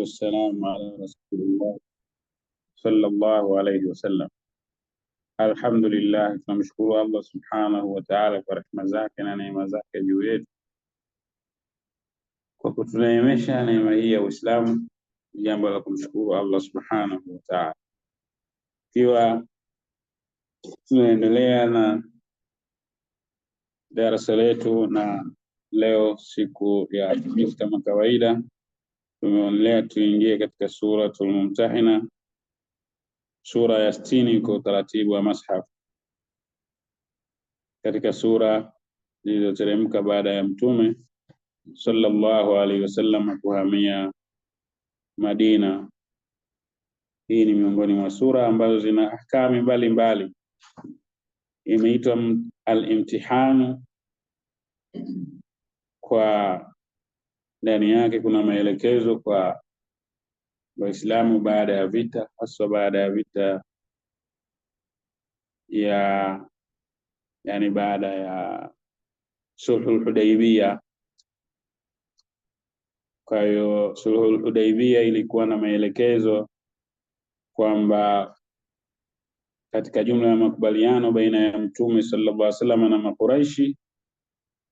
والسلام على رسول الله صلى الله عليه وسلم الحمد لله نشكر الله سبحانه وتعالى فرحمة ذاك نعمة ذاك جويد وكتنا يمشى نعمة هي وإسلام جنب لكم شكر الله سبحانه وتعالى كيوا تنعمليا نا درس ليتو نا leo siku ya Alhamisi kama kawaida tumeonelea tuingie katika suratul Mumtahina, sura ya sitini kwa utaratibu wa mashaf, katika sura zilizoteremka baada ya Mtume sallallahu alaihi wasallam kuhamia Madina. Hii ni miongoni mwa sura ambazo zina ahkami mbalimbali. Imeitwa al-imtihanu kwa ndani yake kuna maelekezo kwa Waislamu baada ya vita, haswa baada ya vita ya yani, baada ya sulhul Hudaibia. Kwa hiyo sulhul Hudaibia ilikuwa na maelekezo kwamba katika jumla ya makubaliano baina ya Mtume sallallahu alaihi wasallam na Makuraishi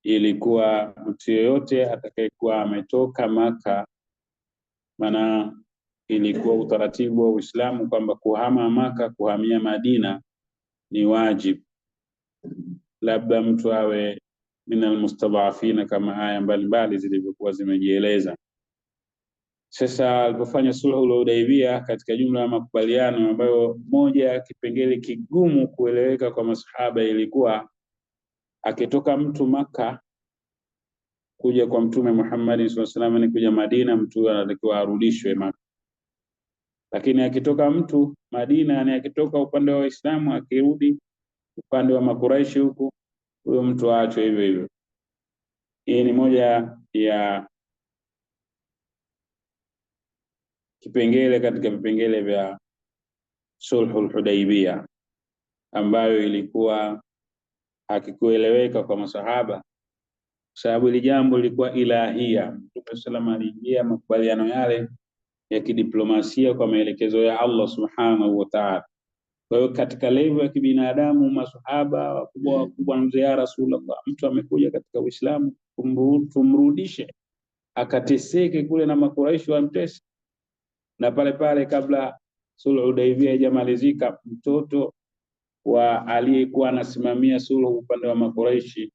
ilikuwa mtu yeyote atakayekuwa ametoka Maka, maana ilikuwa utaratibu wa Uislamu kwamba kuhama Maka kuhamia Madina ni wajibu, labda mtu awe minal mustadhafina kama aya mbalimbali zilivyokuwa zimejieleza. Sasa alipofanya sulhul Hudaibia, katika jumla ya makubaliano ambayo moja ya kipengele kigumu kueleweka kwa masahaba ilikuwa akitoka mtu Maka kuja kwa Mtume Muhammad sallallahu alaihi wasallam ni kuja Madina, mtu anatakiwa arudishwe Maka. Lakini akitoka mtu Madina, ni akitoka upande wa Waislamu akirudi upande wa Makuraishi huku, huyo mtu aachwe hivyo hivyo. Hii ni moja ya kipengele katika vipengele vya Sulhul Hudaibia ambayo ilikuwa hakikueleweka kwa masahaba, sababu hili jambo lilikuwa ilahia. Mtume sallam aliingia makubaliano yale ya kidiplomasia kwa maelekezo ya Allah subhanahu wa ta'ala. Kwa hiyo katika levu ya kibinadamu, masahaba wakubwa wakubwa mzee Rasulullah, mtu amekuja katika Uislamu tumrudishe, akateseke kule na makuraishi wamtese, na pale pale kabla sulhu Hudaibia haijamalizika mtoto wa aliyekuwa anasimamia suluhu upande wa Makoreshi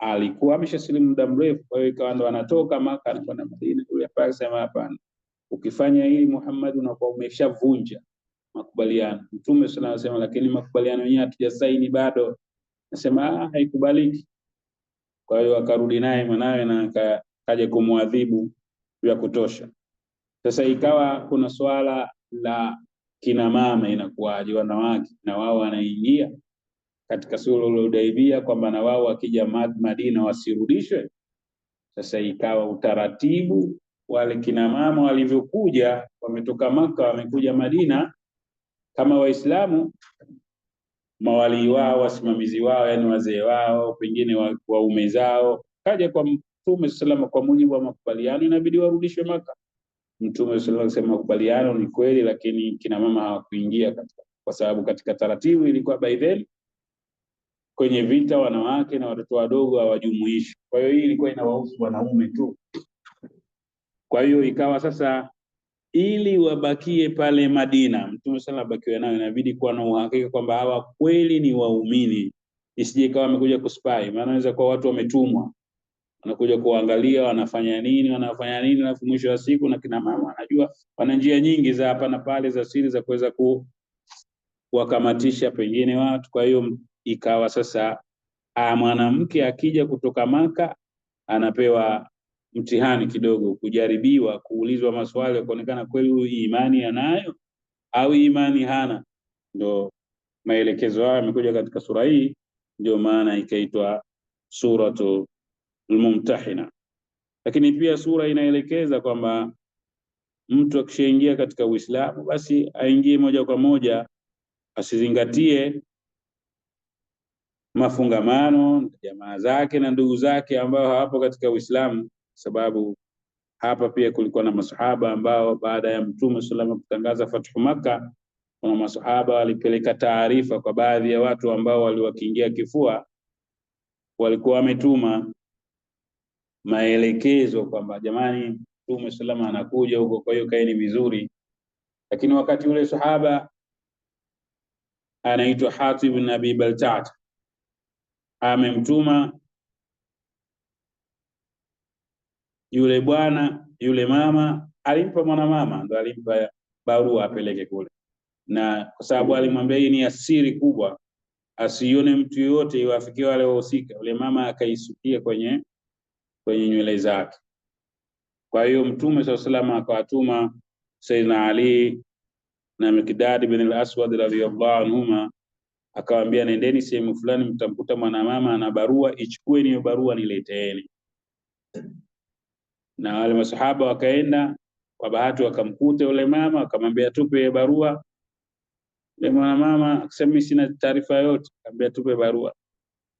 alikuwa ameshasilimu muda mrefu, kwa hiyo ikawa ndo anatoka Maka alikuwa na Madina. Yule ambaye akasema hapana, ukifanya hili Muhammad, unakuwa umeshavunja makubaliano. Mtume sana anasema, lakini makubaliano yenyewe hatujasaini bado. anasema ah, haikubaliki. Kwa hiyo akarudi naye mwanawe na kaja kumwadhibu vya kutosha. Sasa ikawa kuna swala la kina mama inakuwaje, wanawake na wao wanaingia katika sulhu Hudaibia, kwamba na wao wakija Madina wasirudishwe. Sasa ikawa utaratibu wale kina mama walivyokuja, wametoka Maka wamekuja Madina kama Waislamu, mawalii wao, wasimamizi wao, yani wazee wao, pengine waume zao, kaja kwa Mtume salama, kwa mujibu wa makubaliano inabidi warudishwe Maka. Mtume sallallahu alaihi wasallam makubaliano ni kweli, lakini kina mama hawakuingia katika, kwa sababu katika taratibu ilikuwa by then kwenye vita wanawake na watoto wadogo hawajumuishi Kwa hiyo hii ilikuwa inawahusu wanaume tu. Kwa hiyo ikawa sasa, ili wabakie pale Madina, Mtume sana abakiwe nayo, inabidi kuwa na uhakika kwamba hawa kweli ni waumini, isije ikawa wamekuja kuspai, maana inaweza kuwa watu wametumwa wanakuja kuangalia wanafanya nini wanafanya nini, alafu mwisho wa siku, na kina mama wanajua, wana njia nyingi za hapa na pale za siri za kuweza kuwakamatisha pengine watu. Kwa hiyo ikawa sasa mwanamke akija kutoka Maka anapewa mtihani kidogo, kujaribiwa, kuulizwa maswali ya kuonekana kweli huyu imani anayo au imani hana. Ndo maelekezo hayo yamekuja katika sura hii, ndio maana ikaitwa suratu almumtahina. Lakini pia sura inaelekeza kwamba mtu akishaingia katika Uislamu basi aingie moja kwa moja, asizingatie mafungamano na jamaa zake na ndugu zake ambao hawapo katika Uislamu, sababu hapa pia kulikuwa na masahaba ambao baada ya Mtume salama kutangaza fathu Makka, kuna masahaba walipeleka taarifa kwa baadhi ya watu ambao waliwakiingia kifua, walikuwa wametuma maelekezo kwamba jamani, Mtume salama anakuja huko, kwa hiyo kaeni vizuri. Lakini wakati ule sahaba anaitwa Hatib bin Abi Baltat amemtuma yule bwana yule mama, alimpa mwanamama, ndo alimpa barua apeleke kule, na kwa sababu alimwambia hii ni asiri kubwa, asione mtu yoyote, iwafikie wale wahusika. Yule mama akaisukia kwenye kwenye nywele zake. Kwa hiyo Mtume saa salama akawatuma saidna Ali na Mikdadi bin al-Aswad radhiyallahu anhuma, akawaambia nendeni sehemu fulani, mtamkuta mwanamama ana barua, ichukueni hiyo barua nileteeni. Na wale masahaba wakaenda, kwa bahati wakamkuta yule mama, akamwambia tupe barua. Yule mwanamama akasema, mimi sina taarifa yote. Akamwambia tupe barua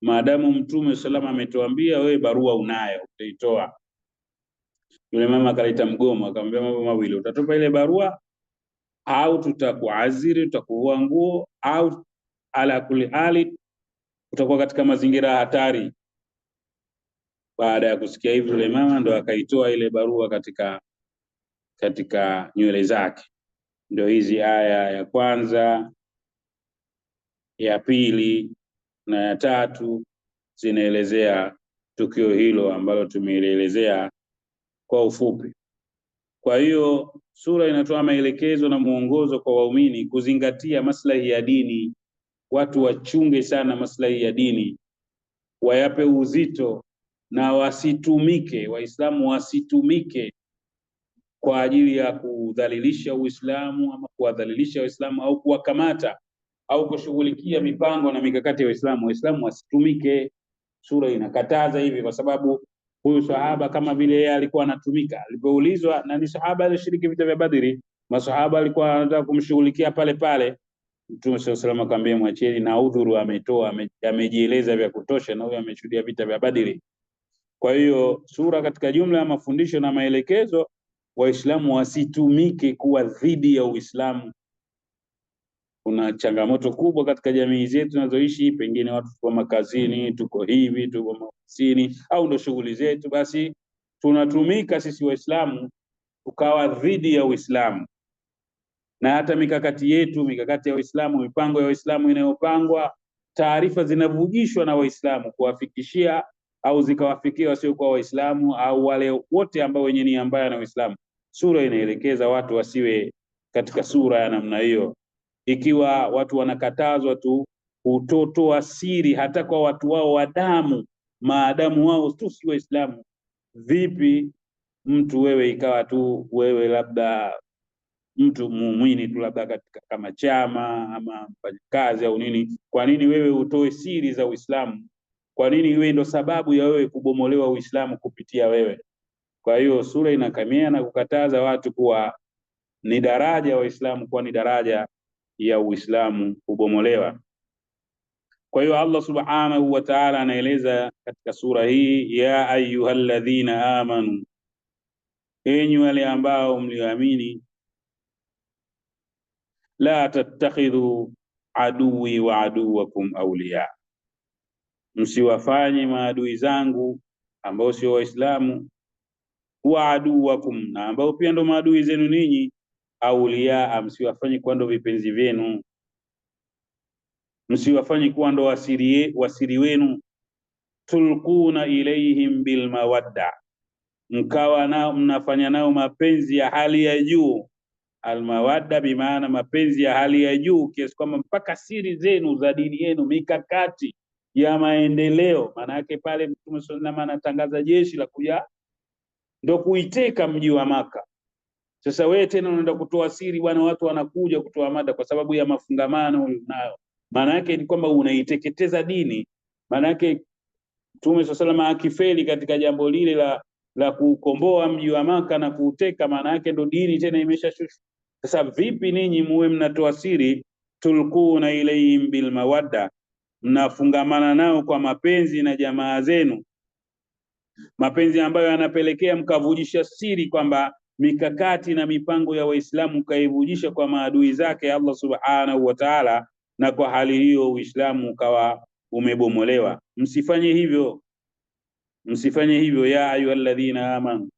maadamu Mtume salam ametuambia, wewe barua unayo utaitoa. Yule mama akaleta mgomo, akamwambia mambo mawili, utatupa ile barua au tutakuaziri, tutakuvua nguo, au ala kuli hali utakuwa katika mazingira hatari. Baada ya kusikia hivyo, yule mama ndo akaitoa ile barua katika katika nywele zake. Ndio hizi aya ya kwanza ya pili na ya tatu zinaelezea tukio hilo ambalo tumelielezea kwa ufupi. Kwa hiyo sura inatoa maelekezo na mwongozo kwa waumini kuzingatia maslahi ya dini. Watu wachunge sana maslahi ya dini, wayape uzito na wasitumike, Waislamu wasitumike kwa ajili ya kudhalilisha Uislamu ama kuwadhalilisha Waislamu au kuwakamata au kushughulikia mipango na mikakati ya Waislamu. Waislamu wasitumike, sura inakataza hivi, kwa sababu huyu sahaba kama vile yeye alikuwa anatumika. Alipoulizwa, na ni sahaba alishiriki vita vya Badri, masahaba alikuwa anataka kumshughulikia pale pale, Mtume swalla salama akamwambia mwacheni, na udhuru ametoa, amejieleza vya kutosha, na huyo ameshuhudia vita vya Badri. Kwa hiyo sura katika jumla ya mafundisho na maelekezo, Waislamu wasitumike kuwa dhidi ya Uislamu kuna changamoto kubwa katika jamii zetu tunazoishi, pengine watu tuko makazini, tuko hivi, tuko maofisini, au ndo shughuli zetu, basi tunatumika sisi Waislamu tukawa dhidi ya Uislamu na hata mikakati yetu, mikakati ya Waislamu, mipango ya Waislamu inayopangwa, taarifa zinavujishwa na Waislamu kuwafikishia au zikawafikia wasiokuwa Waislamu au wale wote ambao wenye nia mbaya na Uislamu. Sura inaelekeza watu wasiwe katika sura ya namna hiyo ikiwa watu wanakatazwa tu kutotoa siri hata kwa watu wao wa damu, maadamu wao tu si Waislamu, vipi mtu wewe ikawa tu wewe labda mtu muumini tu labda katika kama chama ama mfanyakazi au nini, kwa nini wewe utoe siri za Uislamu? Kwa nini iwe ndo sababu ya wewe kubomolewa Uislamu kupitia wewe? Kwa hiyo sura inakamia na kukataza watu kuwa ni daraja Waislamu kuwa ni daraja ya Uislamu hubomolewa. Kwa hiyo Allah subhanahu wa ta'ala anaeleza katika sura hii, ya ayyuhalladhina amanu, enyi wale ambao mlioamini, la tattakhidhu aduwi wa aduwakum awliya, msiwafanye maadui zangu ambao sio Waislamu wa aduwakum, na ambao pia ndo maadui zenu ninyi auliyaa, ah, msiwafanye kuwa ndo vipenzi vyenu, msiwafanye kuwa ndo wasiri, wasiri wenu. Tulquna ilaihim bilmawadda, mkawa nao mnafanya nao mapenzi ya hali ya juu. Almawadda bimaana mapenzi ya hali ya juu, kiasi kwamba mpaka siri zenu za dini yenu, mikakati ya maendeleo. Maana yake pale Mtume sallallahu alaihi wasallam anatangaza jeshi la kuja ndo kuiteka mji wa Maka sasa wewe tena unaenda kutoa siri bwana, watu wanakuja kutoa mada kwa sababu ya mafungamano unayo. Maana yake ni kwamba unaiteketeza dini. Maana yake Mtume salama akifeli katika jambo lile la la kuukomboa mji wa Maka na kuuteka, maana yake ndo dini tena imeshashushwa. Sasa vipi ninyi muwe mnatoa siri, tulkuna ilayhim bil mawadda, mnafungamana nao kwa mapenzi na jamaa zenu, mapenzi ambayo yanapelekea mkavujisha siri kwamba mikakati na mipango ya Waislamu ukaivujisha kwa maadui zake Allah subhanahu wa ta'ala, na kwa hali hiyo Uislamu ukawa umebomolewa. Msifanye hivyo, msifanye hivyo. Ya ayyuhalladhina amanu,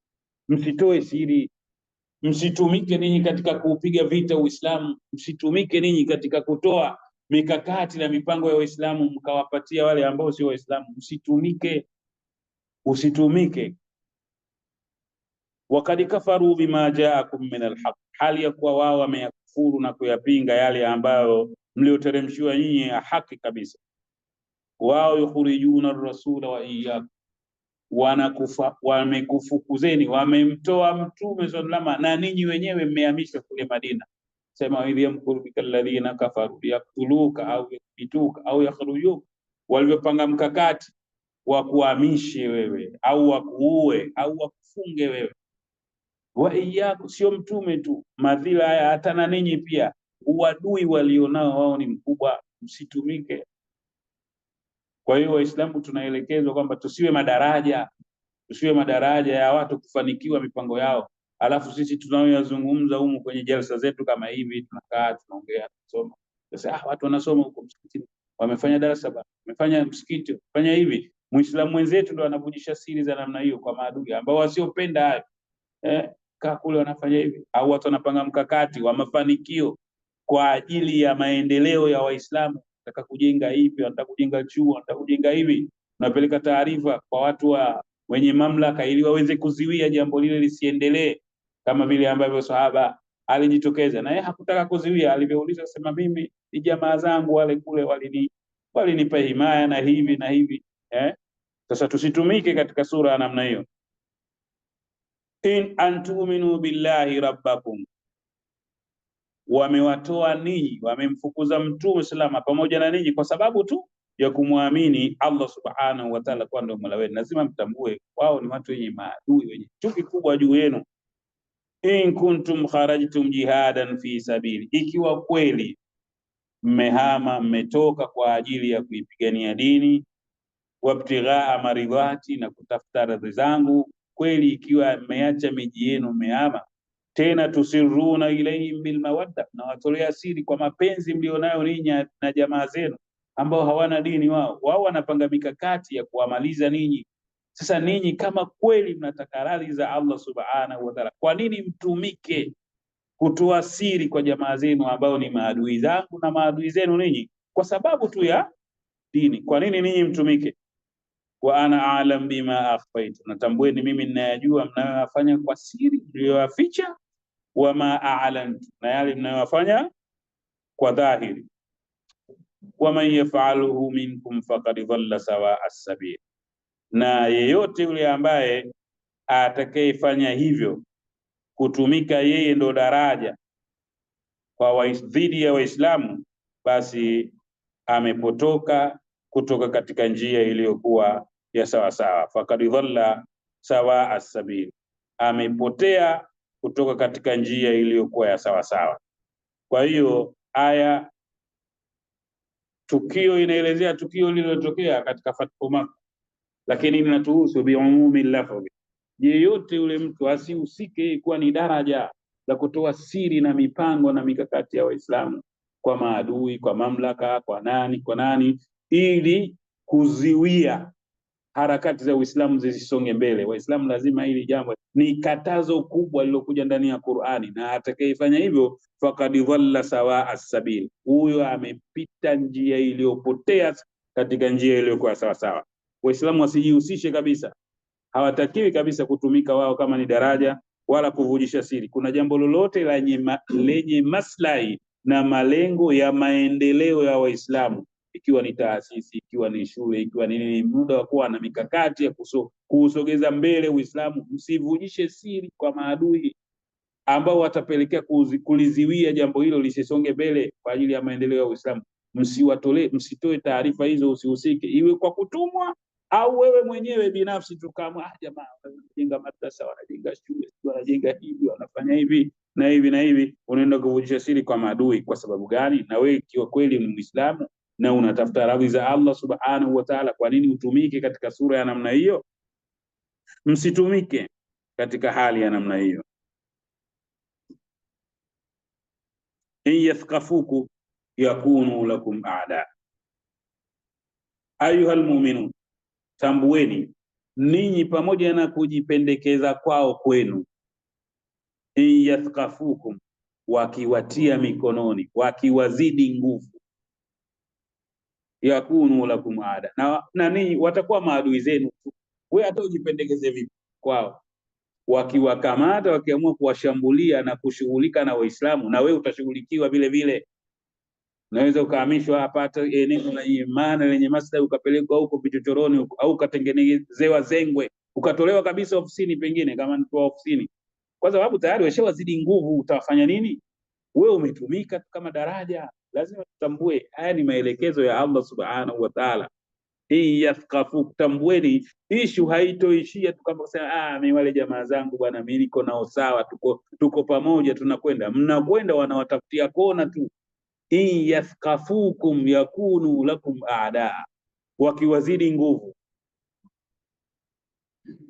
msitoe siri, msitumike ninyi katika kuupiga vita Uislamu, msitumike ninyi katika kutoa mikakati na mipango ya Waislamu mkawapatia wale ambao sio Waislamu. Msitumike, usitumike Wakad kafaru bima jaakum min alhaq, hali ya kuwa wao wameyakufuru na kuyapinga yale ambayo mlioteremshiwa nyinyi ya haki kabisa. Wao yukhrijuna rasula wa iyyakum, wanakufa wamekufukuzeni, wamemtoa mtume salama na ninyi wenyewe mmehamishwa kule Madina. Sema idh yamkurubika alladhina kafaru yaktuluka au yakbituka au yakhrujuka, walivyopanga mkakati wa kuhamishe wewe au wakuue au wakufunge wewe wa iyyaku, sio mtume tu, madhila haya hata na ninyi pia. Uadui walionao wao ni mkubwa, msitumike. Kwa hiyo Waislamu tunaelekezwa kwamba tusiwe madaraja, tusiwe madaraja ya watu kufanikiwa mipango yao, alafu sisi tunaoyazungumza humu kwenye jalsa zetu kama hivi, tunakaa tunaongea, tunasoma. Sasa ah, watu wanasoma huko msikitini, wamefanya darasa ba, wamefanya msikiti, wamefanya hivi. Muislamu mwenzetu ndo anavujisha siri za namna hiyo kwa maadui ambao wasiopenda hayo eh, kaa kule wanafanya hivi, au watu wanapanga mkakati wa mafanikio kwa ajili ya maendeleo ya Waislamu. Nataka kujenga hivi, nataka kujenga chuo, nataka kujenga hivi, unapeleka taarifa kwa watu wa wenye mamlaka ili waweze kuziwia jambo lile lisiendelee, kama vile ambavyo sahaba alijitokeza na yeye hakutaka kuziwia. Alivyouliza sema, mimi ni jamaa zangu wale kule walini walinipa himaya na hivi na hivi eh? Sasa tusitumike katika sura ya namna hiyo in antuminu billahi rabbakum, wamewatoa ninyi, wamemfukuza mtume salama pamoja na ninyi kwa sababu tu ya kumwamini Allah subhanahu wa ta'ala kuwa ndio mola wenu. Lazima mtambue wao ni watu wenye maadui, wenye chuki kubwa juu yenu. in kuntum kharajtum jihadan fi sabili, ikiwa kweli mmehama mmetoka kwa ajili ya kuipigania dini, wabtighaa maridhati, na kutafuta radhi zangu kweli, ikiwa mmeacha miji yenu mmeama Tena tusiruna ilaihim bilmawadda, mnawatolea siri kwa mapenzi mlionayo ninyi na jamaa zenu ambao hawana dini. Wao wao wanapanga mikakati ya kuwamaliza ninyi. Sasa ninyi kama kweli mnataka radhi za Allah subhanahu wa ta'ala, kwa nini mtumike kutoa siri kwa jamaa zenu ambao ni maadui zangu na maadui zenu ninyi, kwa sababu tu ya dini? Kwa nini ninyi mtumike? wa ana alam bima akhfaitu, natambueni mimi ninayajua mnayoyafanya kwa siri mliyoyaficha, wa ma aalantu, na yale mnayoyafanya kwa dhahiri. Waman yafaluhu minkum faqad dhalla sawa assabil, na yeyote yule ambaye atakayefanya hivyo kutumika yeye ndo daraja kwa dhidi ya Waislamu, basi amepotoka kutoka katika njia iliyokuwa ya sawasawa. Fakad dhalla sawa assabil, amepotea kutoka katika njia iliyokuwa ya sawasawa. Kwa hiyo aya tukio inaelezea tukio lililotokea katika fathu Makka, lakini linatuhusu biumumi lafdhi. Yeyote yule mtu asihusike kuwa ni daraja la kutoa siri na mipango na mikakati ya Waislamu kwa maadui, kwa mamlaka, kwa nani, kwa nani, ili kuziwia harakati za Uislamu zisisonge mbele. Waislamu lazima hili jambo ni katazo kubwa lilokuja ndani ya Qur'ani, na atakayefanya hivyo faqad dhalla sawa as-sabil, huyo amepita njia iliyopotea katika njia iliyokuwa sawasawa. Waislamu wasijihusishe kabisa, hawatakiwi kabisa kutumika wao kama ni daraja wala kuvujisha siri. Kuna jambo lolote lenye ma, maslahi na malengo ya maendeleo ya Waislamu ikiwa ni taasisi, ikiwa ni shule, ikiwa ni nini, muda wa kuwa na mikakati ya kuusogeza mbele Uislamu. Msivujishe siri kwa maadui ambao watapelekea kuliziwia jambo hilo lisisonge mbele kwa ajili ya maendeleo ya Uislamu. Msiwatolee, msitoe taarifa hizo, usihusike, iwe kwa kutumwa au wewe mwenyewe binafsi tu, kama ah, jamaa wanajenga madrasa, wanajenga shule, wanajenga hivi, wanafanya hivi na hivi na hivi, unaenda kuvujisha siri kwa maadui. Kwa sababu gani? Na wewe ikiwa kweli ni Muislamu na unatafuta radhi za Allah subhanahu wa ta'ala. Kwa nini utumike katika sura ya namna hiyo? Msitumike katika hali ya namna hiyo. in yathqafuku yakunu lakum aada. Ayuha lmuminun, tambueni ninyi pamoja na kujipendekeza kwao kwenu, in yathqafukum, wakiwatia mikononi, wakiwazidi nguvu yakunu lakum ada, na, na ninyi watakuwa maadui zenu tu. Wewe hata ujipendekeze vipi kwao, wakiwakamata wakiamua kuwashambulia na kushughulika na Waislamu, na wewe utashughulikiwa vile vile. Unaweza ukahamishwa hata eneo la imani lenye maslahi, ukapelekwa huko vichochoroni, au ukatengenezewa zengwe, ukatolewa kabisa ofisini, pengine kama ni kwa ofisini, kwa sababu tayari washawazidi nguvu. Utawafanya nini? Wewe umetumika kama daraja lazima tutambue haya ni maelekezo ya Allah subhanahu wa ta'ala. Hii yathqafu, tambueni, ishu haitoishia tu kama kusema ah, mimi wale jamaa zangu bwana, mimi niko nao sawa, tuko tuko pamoja, tunakwenda. Mnakwenda wanawatafutia kona tu. Hii yathqafukum yakunu lakum aadaa, wakiwazidi nguvu.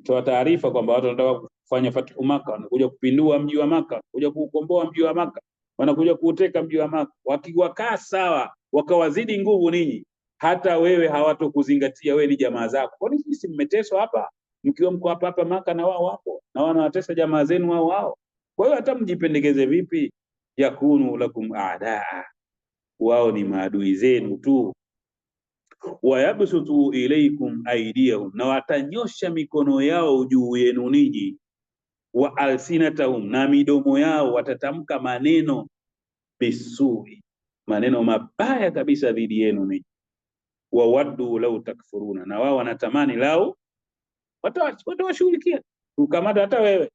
Toa taarifa kwamba watu wanataka kufanya fathu Maka, wanakuja kupindua mji wa Maka, wanakuja kuukomboa mji wa Maka wanakuja kuuteka mji wa Maka, wakiwakaa sawa, wakawazidi nguvu ninyi, hata wewe hawatokuzingatia wewe ni jamaa zako. Kwani sisi mmeteswa hapa mkiwa mko hapa hapa Maka na wao wapo na wanawatesa jamaa zenu wao wao. Kwa hiyo hata mjipendekeze vipi, yakunu lakum aadaa, wao ni maadui zenu tu. Wayabsutu ilaikum aidiyahum, na watanyosha mikono yao juu yenu ninyi wa alsinatahum, na midomo yao watatamka maneno bisui, maneno mabaya kabisa dhidi yenu ninyi. Wawaddu lau takfuruna, na wao wanatamani lau watawashughulikia ukamata hata wewe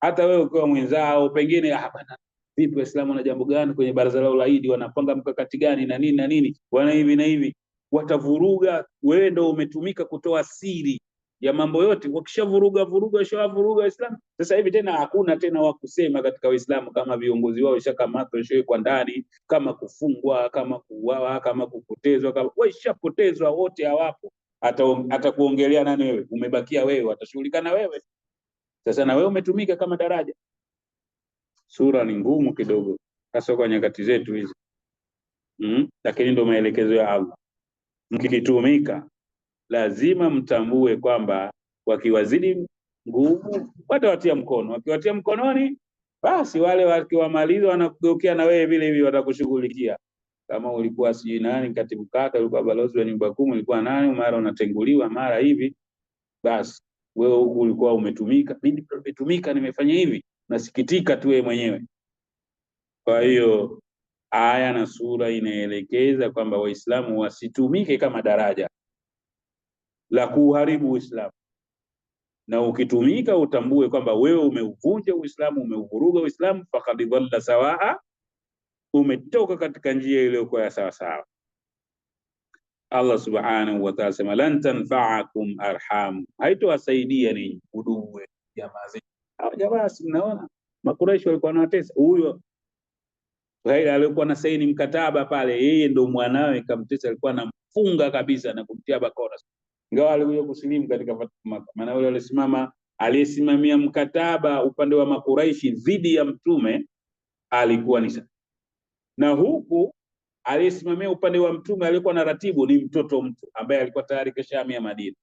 hata wewe ukiwa mwenzao, pengine ah, bana vipi, Waislamu wana jambo gani kwenye baraza lao la wanapanga mkakati gani na nini na nini, wana hivi na hivi, watavuruga. Wewe ndio umetumika kutoa siri ya mambo yote, wakishavuruga vuruga shawavuruga Waislamu. Sasa hivi tena hakuna tena wa kusema katika Waislamu, kama viongozi wao washakamatwa, washawekwa ndani, kama kufungwa, kama kuuawa, kama kupotezwa, kama waishapotezwa, wote hawapo. Atakuongelea nani wewe? Umebakia wewe, atashughulika wewe. Sasa na wewe umetumika kama daraja. Sura ni ngumu kidogo, hasa kwa nyakati zetu hizi mm, lakini ndio maelekezo ya Allah mkitumika lazima mtambue kwamba wakiwazidi nguvu watawatia mkono, wakiwatia mkononi, basi wale wakiwamaliza wanakugeukia na wewe vile hivi watakushughulikia. Kama ulikuwa sijui nani katibu kata, ulikuwa balozi wa nyumba kumi, ulikuwa nani, mara unatenguliwa, mara hivi, basi wewe huku ulikuwa umetumika, mimi nimetumika, nimefanya hivi, nasikitika tu wewe mwenyewe. Kwa hiyo aya na sura inaelekeza kwamba Waislamu wasitumike kama daraja la kuharibu Uislamu, na ukitumika utambue kwamba wewe umeuvunja Uislamu, umeuvuruga Uislamu, Fakad dhalla sawaa, umetoka katika njia iliyokuwa ya sawasawa. Allah subhanahu wa ta'ala sema lan tanfa'akum arham, haitowasaidia ninyi udugu jamaa zenu. Hawa jamaa si mnaona Makuraishi walikuwa wanawatesa huyo Ghairi alikuwa na saini mkataba pale, yeye ndo mwanawe kamtesa, alikuwa anamfunga kabisa na kumtia bakora ingawa alikuja kusilimu katika Fathu maana yule alisimama aliyesimamia mkataba upande wa Makuraishi dhidi ya mtume alikuwa ni Safia, na huku aliyesimamia upande wa mtume aliyekuwa na ratibu ni mtoto mtu ambaye alikuwa tayari keshahamia Madina.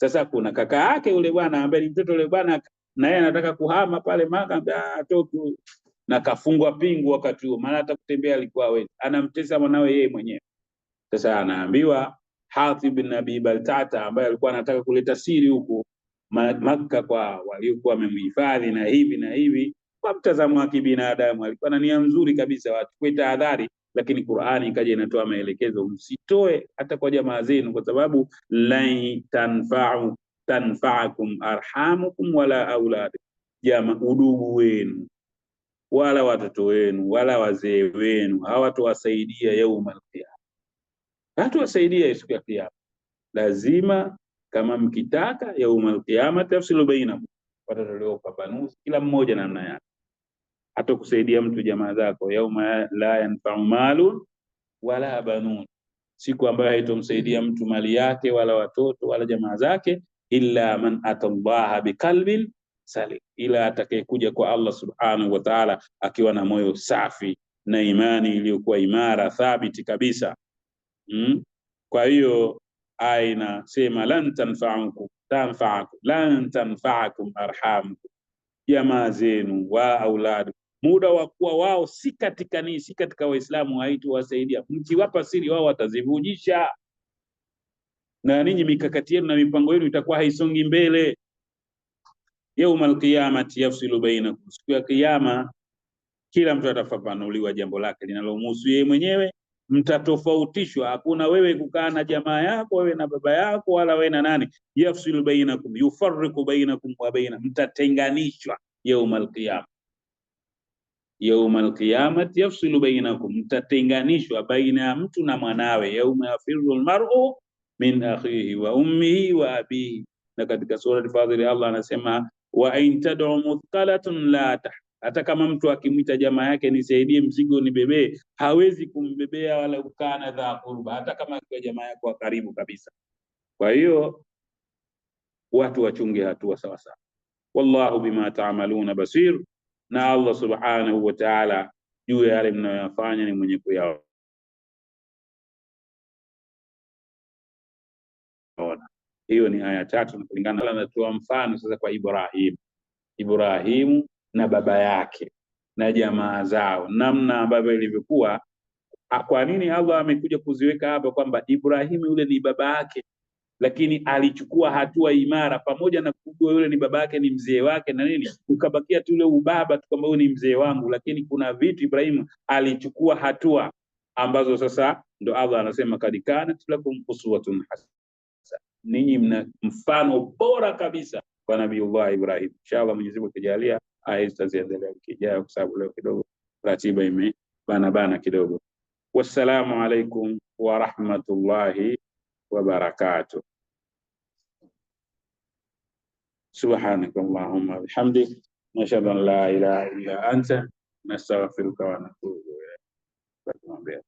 Sasa kuna kaka yake yule bwana ambaye ni mtoto yule bwana, na yeye anataka kuhama pale Maka, atoki ah, na kafungwa pingu wakati huo, maana hata kutembea alikuwa hawezi, anamtesa mwanawe yeye mwenyewe. Sasa anaambiwa Hatib bin Abi Baltata ambaye alikuwa anataka kuleta siri huku Makka kwa waliokuwa wamemhifadhi na hivi na hivi. Kwa mtazamo wa kibinadamu alikuwa na nia nzuri kabisa, watu kwa tahadhari, lakini Qur'ani ikaja inatoa maelekezo, msitoe hata kwa jamaa zenu, kwa sababu lan tanfa'u tanfa'akum arhamukum wala auladukum, jama udugu wenu wala watoto wenu wala wazee wenu hawatowasaidia yaumul qiyama hatuwasaidia wasaidia siku ya Kiyama. Lazima kama mkitaka yaumal kiyama tafsilu bainakum, watatolewa upambanuzi kila mmoja namna yake. Hata kusaidia mtu jamaa zako, yauma la yanfau malu wala banun, siku ambayo haitomsaidia mtu mali yake wala watoto wala jamaa zake, illa man atallaha biqalbin salim, ila atakayekuja kwa Allah subhanahu wa ta'ala akiwa na moyo safi na imani iliyokuwa imara thabiti kabisa mm? Kwa hiyo aya inasema lan tanfa'ukum tanfa'ukum lan tanfa'ukum arhamukum, jamaa zenu wa auladu, muda wa kuwa wao si katika ni si katika Waislamu haitowasaidia. Mkiwapa siri wao watazivujisha, na ninyi mikakati yenu na mipango yenu itakuwa haisongi mbele. Yaumal alqiyamati yafsilu bainakum, siku ya Kiyama kila mtu atafafanuliwa jambo lake linalomhusu yeye mwenyewe mtatofautishwa. Hakuna wewe kukaa na jamaa yako wewe na baba yako wala wewe na nani, Yafsil bainakum yufarriqu bainakum wa baina, mtatenganishwa yaumal qiyama yaumal qiyamati yafsilu bainakum, mtatenganishwa baina ya mtu na mwanawe, yauma yafirru almar'u min akhihi wa ummihi wa abihi. Na katika sura Al-Fadhil Allah anasema wa in tad'u muthqalatun la hata kama mtu akimwita jamaa yake, nisaidie mzigo nibebee, hawezi kumbebea wala ukana dha kurba, hata kama akiwa jamaa yako wa karibu kabisa. Kwa hiyo watu wachunge hatua sawasawa. Wallahu bima taamaluna basir, na Allah subhanahu wa ta'ala juu ya yale mnayoyafanya ni mwenye kuyaona. Hiyo ni aya tatu, na kulingana anatoa mfano sasa kwa Ibrahimu. Ibrahimu na baba yake na jamaa zao, namna ambavyo ilivyokuwa. Kwa nini Allah amekuja kuziweka hapa kwamba Ibrahimu yule ni baba yake, lakini alichukua hatua imara, pamoja na kujua yule ni baba yake, ni mzee wake na nini, ukabakia tu ule ubaba tu kwamba huyu ni mzee wangu, lakini kuna vitu Ibrahimu alichukua hatua ambazo sasa ndo Allah anasema kad kanat lakum uswatun hasana, ninyi mna mfano bora kabisa kwa Nabiiullah Ibrahim. Inshallah Mwenyezi Mungu akijalia hai zitaziendelea wiki ijayo, kwa sababu leo kidogo ratiba imebanabana bana kidogo. Wassalamu alaikum warahmatullahi wabarakatuh. Subhanaka allahumma bihamdik nashhadu an la ilaha illa anta nastaghfiruka wa natubu ilaik.